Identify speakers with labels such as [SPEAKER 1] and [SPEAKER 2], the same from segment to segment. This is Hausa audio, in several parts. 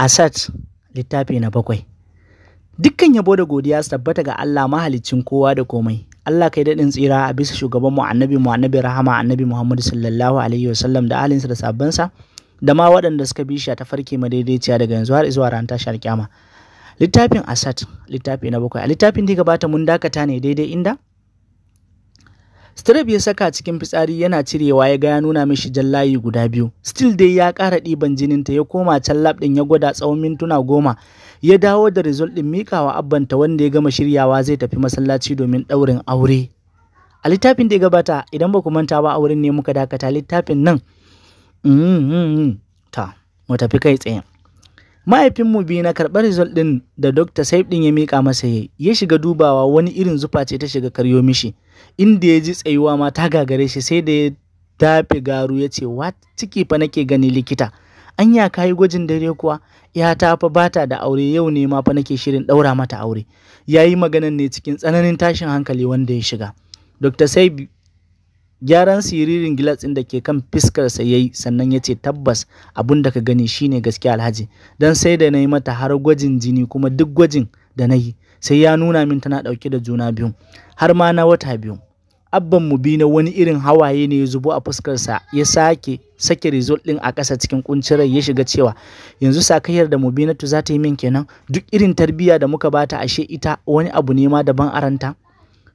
[SPEAKER 1] Asad littafi na bakwai. Dukkan yabo da godiya su tabbata ga Allah mahaliccin kowa da komai. Allah kai daɗin tsira a bisa shugaban mu annabi mu annabi rahama annabi Muhammadu sallallahu alaihi wasallam da alinsa da sabbansa da ma waɗanda suka bi shi ta farke madaidaiciya daga yanzu har zuwa ran tashar kyama. Littafin Asad littafi na bakwai. A littafin da gabata mun dakata ne daidai inda Strip ya saka cikin fitsari yana cirewa ya ga ya nuna mishi layi guda biyu. Still dai ya ƙara ɗiban jininta ya koma can lab ɗin ya gwada tsawon mintuna goma. Ya dawo da result ɗin mikawa abbanta wanda ya gama shiryawa zai tafi masallaci domin ɗaurin aure. A littafin da ya gabata idan ba ku manta ba a wurin ne muka dakata littafin nan. Mm, mm, mm. Ta, mu tafi kai tsaye. mahaifinmu biyu na karɓar result ɗin da Dr. Saif ɗin ya miƙa masa ya ya shiga dubawa wani irin zufa ce ta shiga karyo mishi inda ya ji tsayuwa ma ta gagare shi sai da ya dafe garu ya ce wa ciki fa nake gani likita anya ka yi gwajin dare kuwa ya ta fa bata da aure yau ne ma fa nake shirin ɗaura mata aure ya yi maganan ne cikin tsananin tashin hankali wanda ya shiga Dr. Saif. gyaran siririn gilas ɗin da ke kan fuskarsa ya yi sannan ya ce tabbas 'abun da ka gani shine gaske alhaji dan sai da na yi mata har gwajin jini kuma duk gwajin da na yi sai ya nuna min tana ɗauke da juna biyu har ma na wata biyu abban mu bi na wani irin hawaye ne ya zubo a fuskarsa ya sake sake result ɗin a ƙasa cikin kuncirar rai ya shiga cewa yanzu sakayyar da mubinatu za ta yi min kenan duk irin tarbiyya da muka bata ashe ita wani abu ne ma daban aranta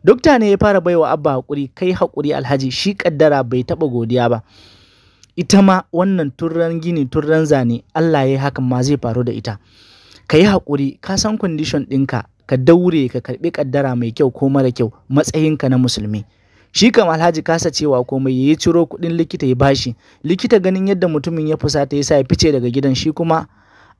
[SPEAKER 1] Dokta ne ya fara baiwa Abba haƙuri, kai haƙuri Alhaji, shi ƙaddara bai taɓa godiya ba. Ita ma wannan turren gini turren zane, Allah ya hakan ma zai faru da ita. Ka yi haƙuri, ka san kwandishon ɗinka, ka daure ka karɓi ƙaddara mai kyau ko mara kyau matsayinka na musulmi. Shi kam Alhaji kasa cewa komai ya yi ciro kuɗin likita ya bashi, likita ganin yadda mutumin ya fusata ya sa ya fice daga gidan shi kuma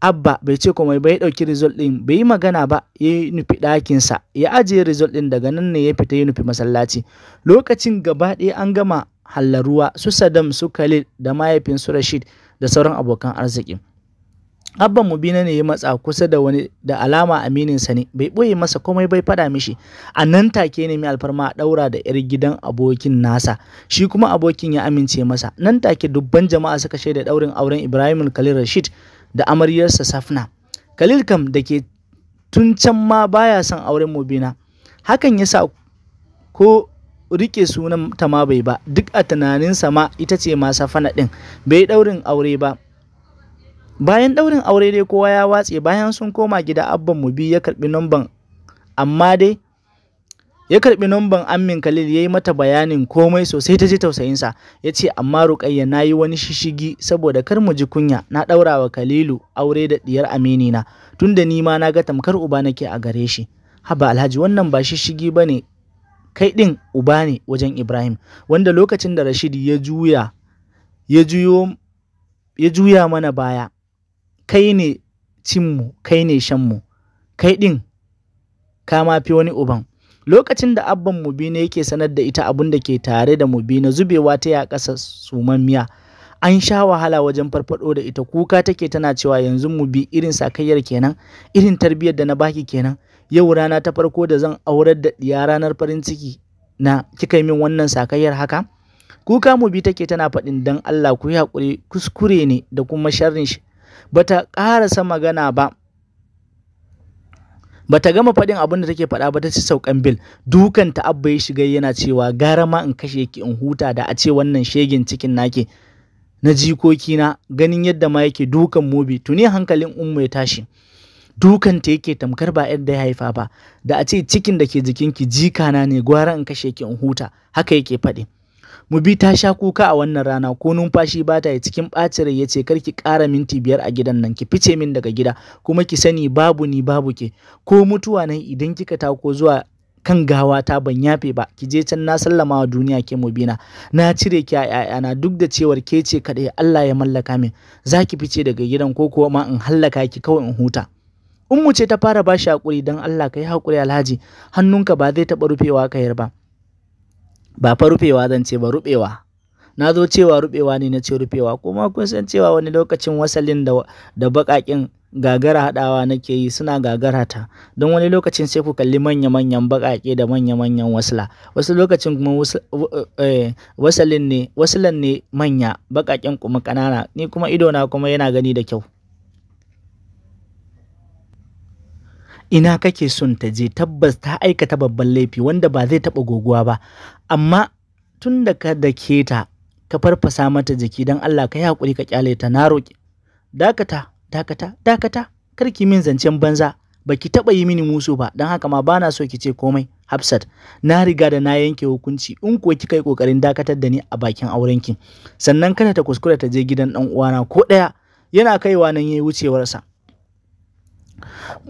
[SPEAKER 1] Abba bai ce komai ba ya ɗauki result ɗin bai yi magana ba ya nufi ɗakinsa ya ajiye result ɗin daga nan ne ya fita ya nufi masallaci lokacin gaba ɗaya an gama hallaruwa su sadam su Khalil da mahaifin su Rashid da sauran abokan arziki Abba Mubina ne ya matsa kusa da wani da alama amininsa ne bai ɓoye masa komai bai faɗa mishi a nan take ne mai alfarma a ɗaura da 'yar gidan abokin nasa shi kuma abokin ya amince masa nan take dubban jama'a suka shaida ɗaurin auren Ibrahim Khalil Rashid da amaryarsa Safna. Khalil kam da ke tun can ma baya son auren Mubina. Hakan ya sa ko rike sunan ta ma bai ba duk a tunaninsa ma ita ce ma Safana ɗin bai ɗaurin aure ba. Bayan ɗaurin aure dai kowa ya watse bayan sun koma gida abban Mubi ya karɓi namban amma dai ya karbi numban Amin khalil ya yi mata bayanin komai sosai ta ji tausayinsa ya ce amma Rukayya na yi wani shishigi saboda kar mu ji kunya na ɗaura wa khalilu aure da ɗiyar na tunda ni ma na ga tamkar uba nake a gare shi haba alhaji wannan ba shishigi ba ne kai ɗin uba ne wajen ibrahim wanda lokacin da rashid ya juya ya juyo ya juya mana baya kai ne cinmu kai ne shanmu kai ɗin ka ma fi wani uban Lokacin da abban Mubina yake sanar da ita abin da ke tare da Mubina zubewa ta ya ƙasa sumammiya. An sha wahala wajen farfado da ita kuka take tana cewa yanzu mu bi irin sakayyar kenan, irin tarbiyyar da na baki kenan. Yau rana ta farko da zan aurar da ɗiya ranar farin ciki na kika min wannan sakayyar haka? Kuka mu bi take tana faɗin dan Allah ku yi kuskure ne da kuma sharrin shi. Bata ƙarasa magana ba Ba ta gama faɗin abin da take faɗa ba ta ci saukan bil dukan ta abba ya shiga yana cewa gara ma in kashe ki in huta da a ce wannan shegin cikin nake na jikoki na ganin yadda ma yake dukan mobi tuni hankalin umma ya tashi dukan ta yake tamkar ba yadda ya haifa ba da a ce cikin da ke jikinki jikana ne gwara in kashe ki in huta haka yake faɗi Mubi ta sha kuka a wannan rana ko numfashi ba ta yi cikin ɓacin rai ya ce kar ki ƙara minti biyar a gidan nan ki fice min daga gida kuma ki sani babu ni babu ke ko mutuwa nan idan kika tako zuwa kan gawa ta ban yafe ba ki je can na sallama wa duniya ke mubina na cire ki a ƴaƴana duk da cewar ke ce kaɗai Allah ya mallaka min za ki fice daga gidan ko kuwa ma in hallaka ki kawai in huta ummu ce ta fara bashi hakuri don Allah ka yi hakuri alhaji hannunka ba zai taɓa rufewa yar ba ba fa rufewa zan ce ba rubewa na zo cewa rubewa ne na ce rufewa kuma kun san cewa wani lokacin wasalin da, da baƙaƙin gagara haɗawa nake yi suna gagara ta don wani lokacin sai ku kalli manya-manyan baƙaƙe da manya-manyan wasla wasu lokacin kuma eh, wasalin ne ne manya baƙaƙen kuma ƙanana ni kuma idona kuma yana gani da kyau ina kake son ta je tabbas ta aikata babban laifi wanda ba zai taɓa goguwa ba amma tun da ka dake ta ka farfasa mata jiki don Allah ka yi haƙuri ka kyale ta na roƙi dakata dakata dakata kar ki min zancen banza ba ki taɓa yi mini musu ba don haka ma bana so ki ce komai Hafsat na riga da na yanke hukunci in kuwa kika yi ƙoƙarin dakatar da ni a bakin aurenki sannan kada ta kuskura ta je gidan ɗan uwana ko ɗaya yana kaiwa nan yayi wucewarsa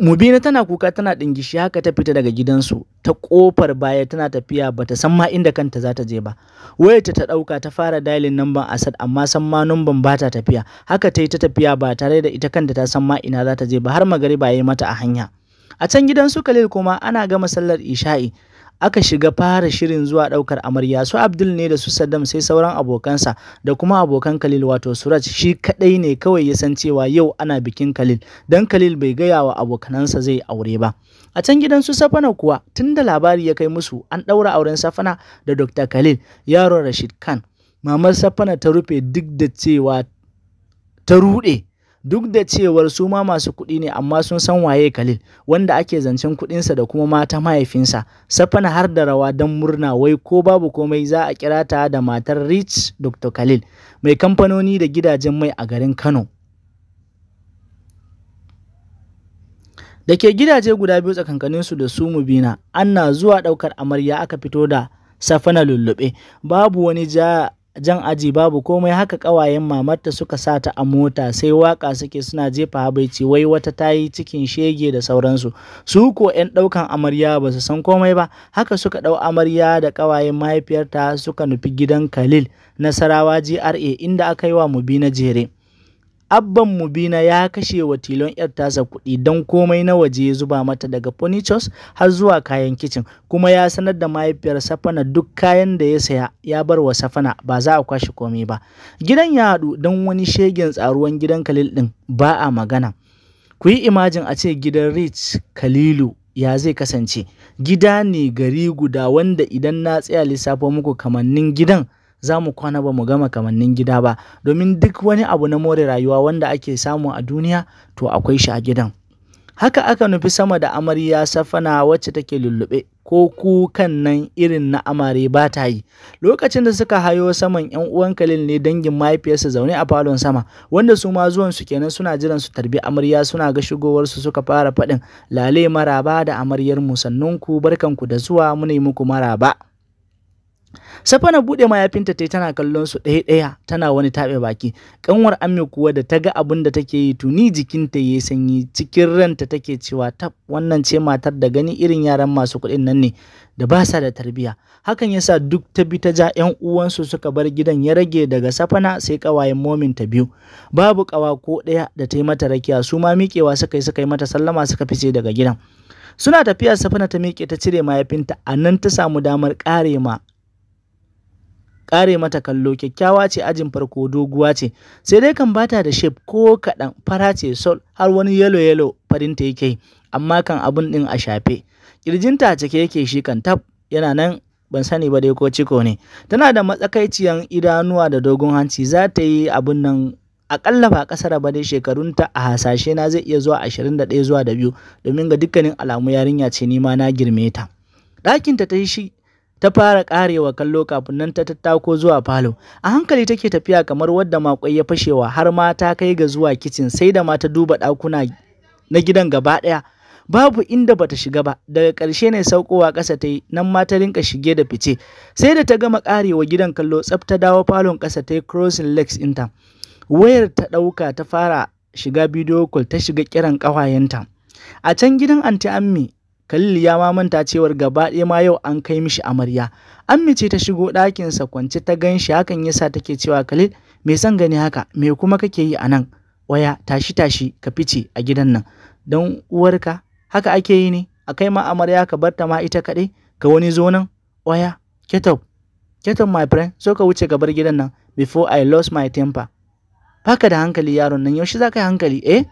[SPEAKER 1] Mubina tana kuka tana ɗingishi haka ta fita daga gidansu ta ƙofar baya tana tafiya bata san ma inda kanta za ta je ba. Wayarta ta ɗauka ta fara dalin namban Asad amma san ma namban ba ta tafiya. Haka ta yi ta tafiya ba tare da ita kanta ta san ma ina za ta je ba har magariba ya yi mata a hanya. A can gidan su Khalil kuma ana gama sallar Isha'i aka shiga fara shirin zuwa ɗaukar amarya su abdul ne da su saddam sai sauran abokansa da kuma abokan Kalil wato suraj shi kaɗai ne kawai ya san cewa yau ana bikin Kalil, don khalil bai gaya wa abokanansa zai aure ba a can gidan su safana kuwa tun da labari ya kai musu an ɗaura auren safana da dr khalil yaron rashid khan mamar safana ta rufe duk da cewa ta ruɗe Duk da cewar su ma masu kuɗi ne amma sun san waye Khalil, wanda ake zancen kuɗinsa da kuma mata mahaifinsa, safana har da rawa don murna wai ko babu komai za a kira ta da matar Rich Dr. Khalil, mai kamfanoni da gidajen mai a garin Kano. Da ke gidaje guda biyu tsakankaninsu da su mubina, ana zuwa ɗaukar amarya aka fito da safana lullube, babu wani ja jan aji babu komai haka ƙawayen mamarta suka sa ta a mota sai waka suke suna jefa habaici wai wata ta yi cikin shege da sauransu su ko 'yan ɗaukan amarya ba su san komai ba haka suka ɗau amarya da ƙawayen mahaifiyarta suka nufi gidan khalil nasarawa gra inda aka yi wa mubi na jere Abban Mubina ya kashe wa tilon 'yar tasa kuɗi don komai na waje ya zuba mata daga furnitures har zuwa kayan kicin, kuma ya sanar da mahaifiyar Safana duk kayan da ya saya ya bar wa Safana ba za a kwashe komai ba. Gidan ya haɗu don wani shegen tsaruwan gidan Khalil ɗin ba a magana. Ku yi imajin a ce gidan Rich Khalilu ya zai kasance, gida ne gari guda wanda idan na tsaya lissafo muku kamannin gidan za mu kwana ba mu gama kamannin gida ba domin duk wani abu na more rayuwa wanda ake samu a duniya to akwai shi a gidan haka aka nufi sama da amarya safana wacce take lullube ko kukan nan irin na amare ba ta yi lokacin da suka hayo saman yan uwan kalil ne dangin mahaifiyarsa zaune a falon sama wanda su ma zuwan su kenan suna jiran su tarbi amarya suna ga shigowar su suka fara faɗin lale maraba da amaryar musannunku barkanku da zuwa mu muku maraba Safana buɗe mayafinta tai tana kallon su ɗaya ɗaya tana wani taɓe baki. Kanwar ame kuwa da ta ga abin da take yi tuni jikinta yayi sanyi cikin ranta take cewa ta wannan ce matar da gani irin yaran masu kuɗin nan ne da ba sa da tarbiya. Hakan yasa duk ta bi ta ja 'yan uwansu suka bar gidan ya rage daga Safana sai ƙawayen momin ta biyu. Babu ƙawa ko ɗaya da ta yi mata rakiya su ma miƙewa suka yi suka yi mata sallama suka fice daga gidan. Suna tafiya Safana ta miƙe ta cire mayafinta a nan ta samu damar ƙare ma kare mata kallo kyakkyawa ce ajin farko doguwa ce sai dai kan bata da shape ko kaɗan fara ce sol har wani yellow yellow farinta yake amma kan abun din a shafe kirjinta cike yake shi kan tab yana nan ban sani ba dai ko ciko ne tana da matsakaiciyan idanuwa da dogon hanci za ta yi abun nan akalla ba kasar ba dai shekarunta a hasashe na zai iya zuwa 21 zuwa da biyu domin ga dukkanin alamu yarinya ce nima na girme ta ɗakinta ta yi ta fara karewa kallo kafin nan ta tattako zuwa falo a hankali take tafiya kamar wadda makwai ya fashewa har ma ta kai ga zuwa kicin sai da ma ta duba ɗakuna na gidan gaba ɗaya babu inda bata shiga ba daga ƙarshe ne saukowa ƙasa ta yi nan ma ta rinka shige da fice sai da ta gama karewa gidan kallo tsafta ta dawo falon ƙasa ta yi crossing legs ɗinta wayar ta ɗauka ta fara shiga bidiyo call ta shiga kiran ƙawayenta a can gidan anti ammi Khalil ya ma manta cewar gaba ɗaya ma yau an kai mishi amarya. An mace ta shigo ɗakinsa kwance ta gan shi hakan yasa take cewa Khalil me son gani haka me kuma kake yi a nan waya tashi tashi ka fice a gidan nan don uwarka haka ake yi ne a kai ma amarya ka bar ta ma ita kaɗai ka wani zo nan waya ketop ketop my friend so ka wuce ka bar gidan nan before I lost my temper baka da hankali yaron nan yaushe za ka yi hankali eh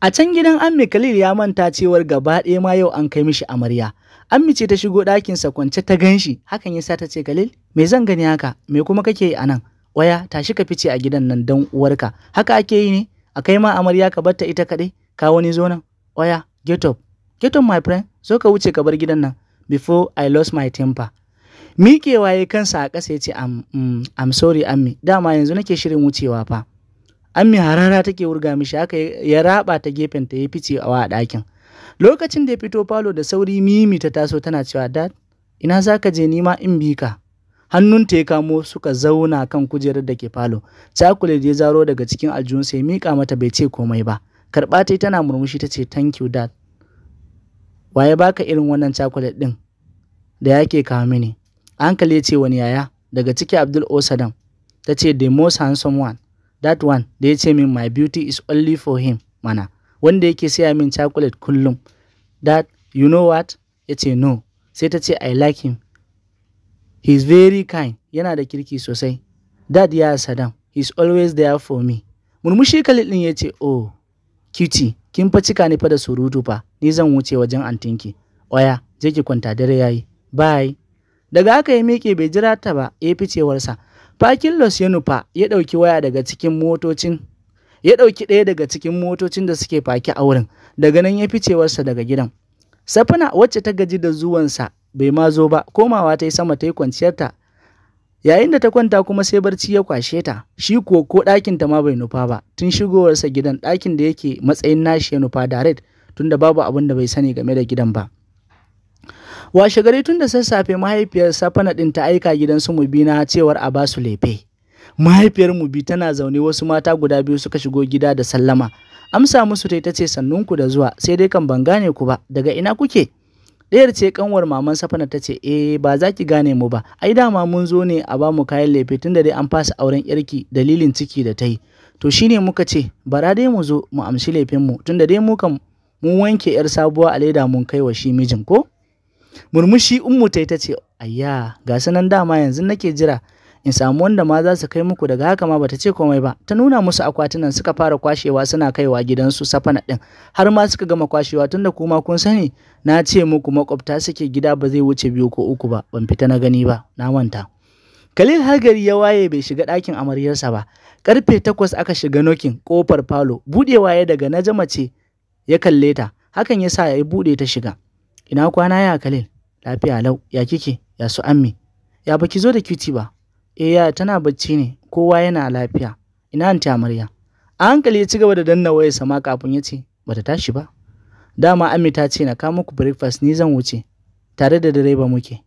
[SPEAKER 1] A can gidan Ammi Khalil ya manta cewar gaba ɗaya ma yau an kai mishi amarya. Ammi ce ta shigo ɗakinsa kwance ta gan shi, hakan ya sa ta ce Khalil, me zan gani haka, me kuma kake yi a Waya, tashi ka fice a gidan nan dan uwarka. Haka ake yi ne? A kai ma amarya ka bar ta ita kaɗai, ka wani zo nan. Waya, get up. Get up my friend, zo ka wuce ka bar gidan nan. Before I lost my temper. Miƙewa ya kansa a ƙasa ya ce, I'm, mm, I'm sorry Ammi, dama yanzu nake shirin wucewa fa. An mi harara take wurga mishi haka ya raba ta gefen ta ya fice a ɗakin lokacin da ya fito falo da sauri mimi ta taso tana cewa dad ina za ka je nima in bi ka ta ya kamo suka zauna kan kujerar da ke falo Cakulet ya zaro daga cikin aljihunsa ya miƙa mata bai ce komai ba karɓa ta tana murmushi ta ce thank you dad waye baka irin wannan cakulet ɗin da yake kawo mini hankali ya ce wani yaya daga ciki abdul osadam ta ce the most handsome one that one da ya ce min my beauty is only for him mana wanda yake siya min chocolate kullum that you know what ya ce no sai ta ce i like him he is very kind yana da kirki sosai dad ya sadam he is always there for me murmushi khalid din ya ce oh cutie kin fa cika ni fa da surutu fa ni zan wuce wajen antinki oya je ki kwanta dare yayi bye daga aka ya miƙe bai jira ta ba ya fi ficewarsa Fakin Los ya ya ɗauki waya daga cikin motocin ya ɗauki ɗaya daga cikin motocin da suke faki a wurin daga nan ya ficewarsa daga gidan. Safina wacce ta gaji da zuwansa bai ma zo ba komawa ta yi sama ta yi kwanciyarta yayin da ta kwanta kuma sai barci ya kwashe ta shi kuwa ko ɗakin ta ma bai nufa ba tun shigowarsa gidan ɗakin da yake matsayin nashi ya nufa direct tunda babu abin da bai sani game da gidan ba washe gari tun da sassafe mahaifiyar safana ɗin ta aika gidan su mubina cewar a basu lefe mahaifiyar mubi tana zaune wasu mata guda biyu suka shigo gida da sallama amsa musu tai ta ce sannunku da zuwa sai dai kan ban gane ku ba daga ina kuke ɗayar ce kanwar maman safana ta ce eh ba za ki gane mu ba ai dama mun zo ne a bamu kayan lefe tun dai an fasa auren yarki dalilin ciki da ta yi to shine muka ce bara dai mu zo mu amshi lefen mu tun da dai mu kan mun wanke yar sabuwa a leda mun kai wa shi mijin ko murmushi ummu ta ita ce ayya ga sanan dama yanzu nake jira in samu wanda ma za su kai muku daga haka ma bata ce komai ba ta nuna musu akwatunan suka fara kwashewa suna kaiwa gidansu safana din har ma suka gama kwashewa tunda kuma kun sani na ce muku makwabta suke gida ba zai wuce biyu ko uku ba ban fita na gani ba na manta Khalil har gari ya waye bai shiga ɗakin amaryarsa ba karfe takwas aka shiga nokin kofar falo budewa ya daga na ce ya kalle ta hakan ya sa ya buɗe ta shiga Ina kwana ya Khalil? Lafiya lau, ya kike? Ya su ammi? Ya baki zo da cutie ba? Eh ya tana bacci ne, kowa yana lafiya. Ina anti amarya? A hankali ya ci gaba da danna wayar sama kafin ya ce, bata tashi ba. Dama ammi ta ce na kawo muku breakfast ni zan wuce, tare da direba muke.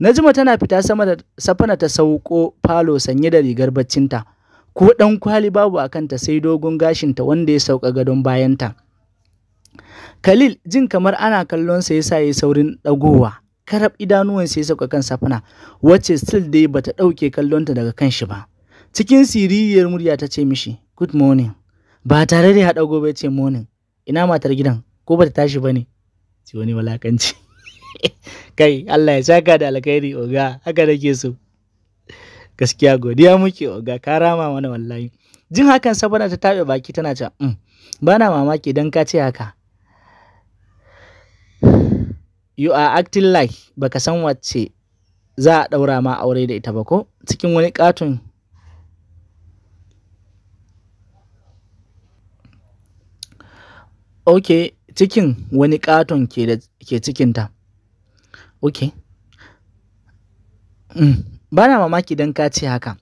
[SPEAKER 1] Najima tana fita sama da safana ta sauko falo sanye da rigar baccinta, ko dan kwali babu a kanta sai dogon gashinta wanda ya sauka gadon bayanta. Khalil jin kamar ana kallon sa yasa yayi saurin ɗagowa. Karab idanuwansa ya sauka kan safina wacce still dai bata ɗauke kallonta daga kan shi ba. Cikin siririyar murya ta ce mishi, "Good morning." Ba tare da ya dago ba ce morning. Ina matar gidan ko bata tashi bane? Ci wani walakanci. Kai Allah ya saka da alkhairi oga, haka nake so. Gaskiya godiya muke oga, ka rama mana wallahi. Jin hakan sabana ta tabe baki tana ce, mm, Bana mamaki dan ka ce haka." you are acting like baka san wacce za a ɗaura ma aure da ita ba ko cikin wani ƙaton ok cikin wani katon ke cikinta ok mm. ba na mamaki don ka ce haka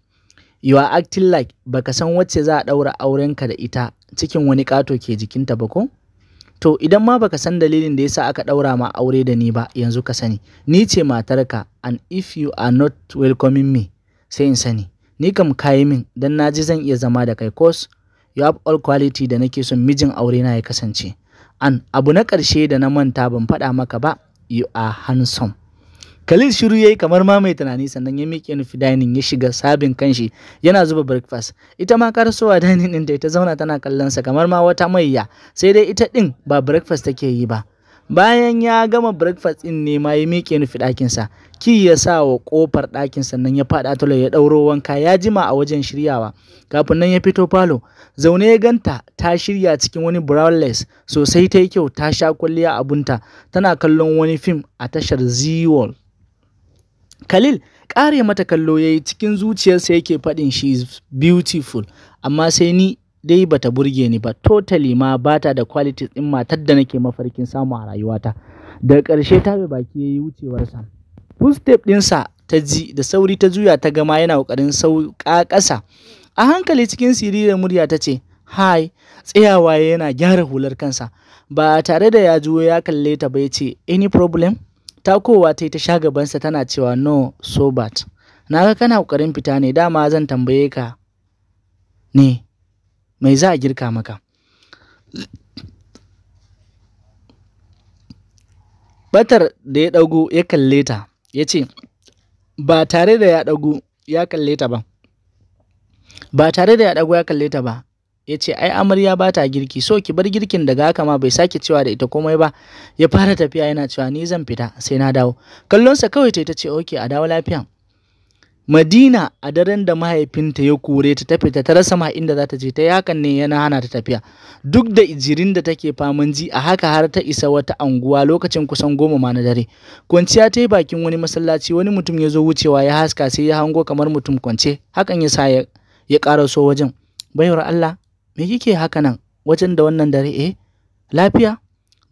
[SPEAKER 1] you are acting like baka san wacce za a daura aurenka da ita cikin wani kato ke jikinta ba ko to idan ma baka san dalilin da yasa aka ɗaura ma aure da ni ba yanzu ka sani ni ce matarka and if you are not welcoming me sai in sani ni kam kayi min dan na ji zan iya zama da kai cause you have all quality da nake son mijin aure na ya kasance an abu na karshe da na manta ban faɗa maka ba you are handsome Khalil shiru yayi kamar ma mai tunani sannan ya miƙe nufi dining ya shiga sabin kanshi yana zuba breakfast. Ita ma karasowa dining ɗin da ita zauna tana kallon sa kamar ma wata mayya sai dai ita din ba breakfast take yi ba. Bayan ya gama breakfast ɗin ne ma ya miƙe nufi ɗakinsa. Ki ya sa wa kofar ɗakin sannan ya faɗa tole ya ɗauro wanka ya jima a wajen shiryawa. Kafin nan ya fito falo. Zaune ya ganta ta shirya cikin wani brownless sosai ta yi kyau ta sha kwalliya abunta tana kallon wani fim a tashar z Khalil ƙare mata kallo ya yi cikin zuciyarsa yake faɗin shi is beautiful, amma sai ni dai bata burge ni ba, totally ma bata da qualities ɗin matar da nake mafarkin samu a rayuwata. Daga ƙarshe ta bai baki ya yi wucewarsa. Footstep ɗinsa ta ji da sauri ta juya ta gama yana ƙoƙarin sauƙa ƙasa. A hankali cikin siririn murya ta ce, Hi, tsayawa yana gyara hular kansa, ba tare da ya juyo ya kalle ta ba ya ce, Any problem? kowa ta yi ta sha gabansa tana cewa no sobat na ga kana ƙoƙarin fita ne dama zan tambaye ka ne mai za a girka maka batar da ya ɗago ya kalle ta ya ce ba tare da ya ɗago ya kalle ta ba ba tare da ya ɗago ya kalle ta ba ya ce ai amarya ba ta girki so ki bar girkin daga haka ma bai sake cewa da ita komai ba ya fara tafiya yana cewa ni zan fita sai na dawo kallonsa kawai ta ita ce oke a dawo lafiya madina a daren da mahaifinta ya kore ta tafi ta rasa ma inda za ta je ta yakan ne yana hana ta tafiya duk da ijirin da take faman ji a haka har ta isa wata anguwa lokacin kusan goma ma na dare kwanciya ta yi bakin wani masallaci wani mutum ya zo wucewa ya haska sai ya hango kamar mutum kwance hakan ya sa ya karaso wajen baiwar Allah me kike haka nan wajen da wannan dare eh lafiya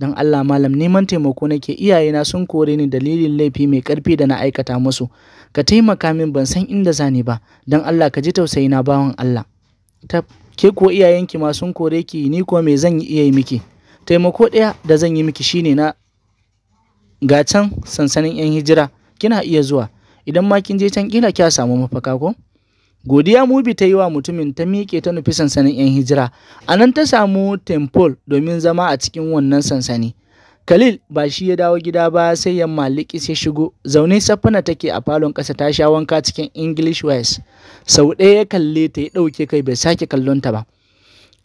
[SPEAKER 1] don Allah malam neman taimako nake iyaye na sun kore ni dalilin laifi mai karfi da na aikata musu ka taimaka min ban san inda zani ba dan Allah ka ji tausayi na bawan Allah ta ke ko iyayenki ma sun kore ki ni ko me zan iya yi miki taimako ɗaya da zan yi miki shine na gacan sansanin yan hijira kina iya zuwa idan ma kin je can kila kya samu mafaka ko Godiya Mubi ta yi wa mutumin ta miƙe ta nufi sansanin 'yan hijira, a nan ta samu Tempol domin zama a cikin wannan sansani. Khalil ba shi ya dawo gida ba sai ya maliki ya shigo, zaune safana take a falon ƙasa ta sha wanka cikin English West. Sau ɗaya ya kalle ta ya ɗauke kai bai sake kallon ta ba.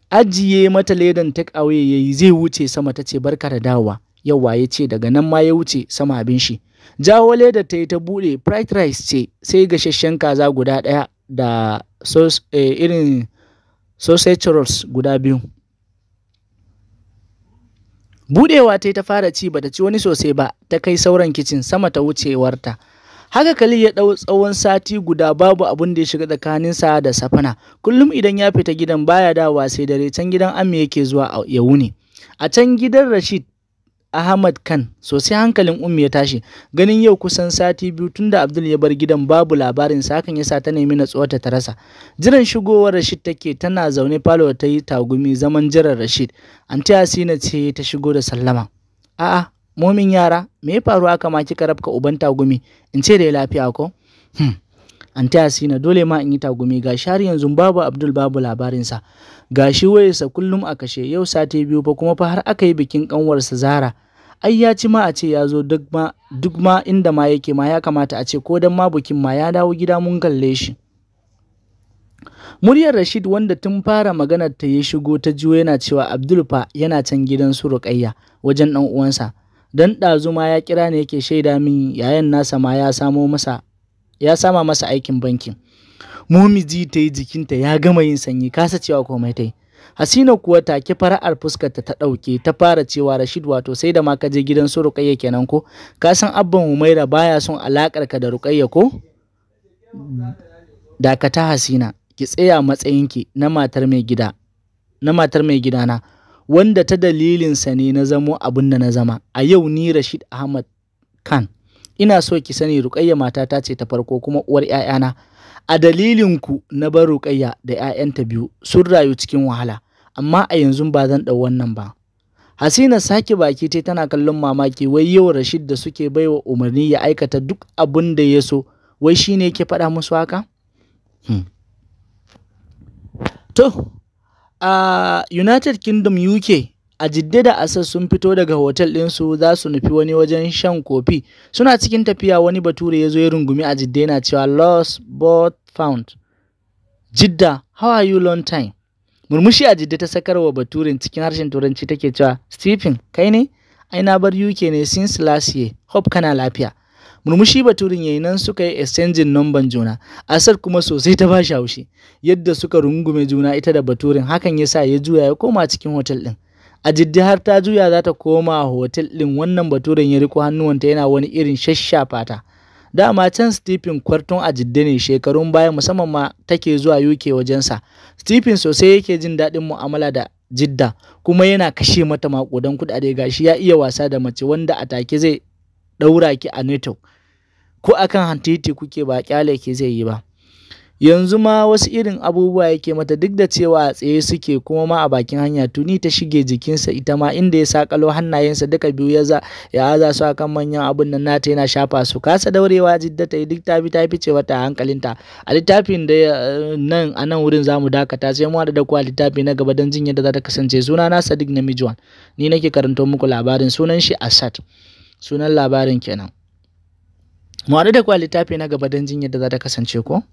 [SPEAKER 1] Ajiye mata ledan take away ya yi zai wuce sama ta ce barka da dawowa. yau ya ce daga nan ma ya wuce sama abin shi. Jawo ledar ta yi ta buɗe fried rice ce sai gasasshen kaza guda ɗaya da eh, irin sausage guda biyu. Buɗewa ta yi ta fara ci bata ci wani sosai ba ta kai sauran kicin sama ta wucewarta. Haka Kali ya ɗau tsawon sati guda babu abun da ya shiga tsakaninsa da safana. Kullum idan ya fita gidan baya dawa sai dare can gidan Ami yake zuwa ya wuni. A can gidan Rashid Ahmad Khan sosai hankalin Ummi ya tashi ganin yau kusan sati biyu tunda Abdul ya bar gidan babu labarin sa hakan yasa ta nemi na natsuwarta ta rasa jiran shigowar Rashid take tana zaune falo ta yi tagumi zaman jiran Rashid anti Asina ce ta shigo da sallama a'a momin yara me ya faru aka ma kika rabka uban tagumi in ce da lafiya ko hmm. anti Asina dole ma in yi tagumi ga shari yanzu babu Abdul babu labarin sa Ga shi wayarsa kullum a kashe yau sati biyu fa kuma fa har aka yi bikin ƙanwarsa Zara. Ai ya ci ma a ce ya zo duk ma inda ma yake ma ya kamata a ce ko dan ma bikin ma ya dawo gida mun kalle shi. Muryar Rashid wanda tun fara maganar ta ya shigo ta jiyo yana cewa Abdul fa yana can gidan su Ruqayya wajen dan uwansa. Dan ɗazu ma ya kira ne yake shaida min yayan nasa ma ya samo masa ya sama masa aikin bankin. momiji ta yi jikinta ya gama yin sanyi kasa cewa komai ta yi hasina kuwa take fara'ar fuskarta ta ɗauke ta fara cewa rashid wato sai da ma ka je gidan su rukayya kenan ko ka san abban umaira baya son alakar ka da rukayya ko dakata hasina ki tsaya matsayin ki na matar mai gida na matar mai gidana wanda ta dalilinsa ne na zamo abin da na zama a yau ni rashid ahmad khan ina so ki sani mata matata ce ta farko kuma uwar ‘ya'yana. A dalilin ku na bar rukayya da ‘ya'yanta biyu sun rayu cikin wahala, amma a yanzu ba zan ɗau wannan ba. Hasina sake baki ce tana kallon mamaki wai yau Rashid da suke baiwa umarni ya aikata duk abin da ya so, wai shine ne ke faɗa musu haka? Hmm. To, a United Kingdom UK a jidde da Asad sun fito daga hotel ɗinsu za su nufi wani wajen shan kofi. Suna cikin tafiya wani bature ya zo ya rungumi a jidde yana cewa lost but found. Jidda, how are you long time? Murmushi a jidde ta sakar wa baturin cikin harshen turanci take cewa Stephen, kai ne? Ai na bar UK ne since last year. Hope kana lafiya. murmushi baturin yayi nan suka yi exchanging numban juna asar kuma sosai ta bashi haushi yadda suka rungume juna ita da baturin hakan yasa ya juya ya koma cikin hotel ɗin. A jiddi har ta juya za ta koma a hotel ɗin wannan baturen ya riko hannuwanta yana wani irin shashafa ta. Dama can Stephen kwarton a jiddi ne shekarun baya musamman ma take zuwa UK wajensa. Stephen sosai yake jin daɗin mu'amala da jidda kuma yana kashe mata makudan kuɗaɗe gashi ya iya wasa da mace wanda a take zai ɗaura ki a NATO. Ko akan hantiti kuke ba kyale ki zai yi ba. yanzu ma wasu irin abubuwa yake mata duk da cewa a tsaye suke kuma ma a bakin hanya tuni ta shige jikinsa ita ma inda ya sakalo hannayensa duka biyu ya za ya aza su akan manyan abun nan nata yana shafa su kasa daurewa jidda ta duk ta bi ta wata hankalinta a littafin da eh, nan a nan wurin zamu dakata sai mu da ku a littafi na gaba don jin yadda za ta kasance suna na Sadiq Namijwan ni nake karanto muku labarin sunan shi Asad sunan labarin kenan mu da ku a littafi na gaba don jin yadda za ta kasance ko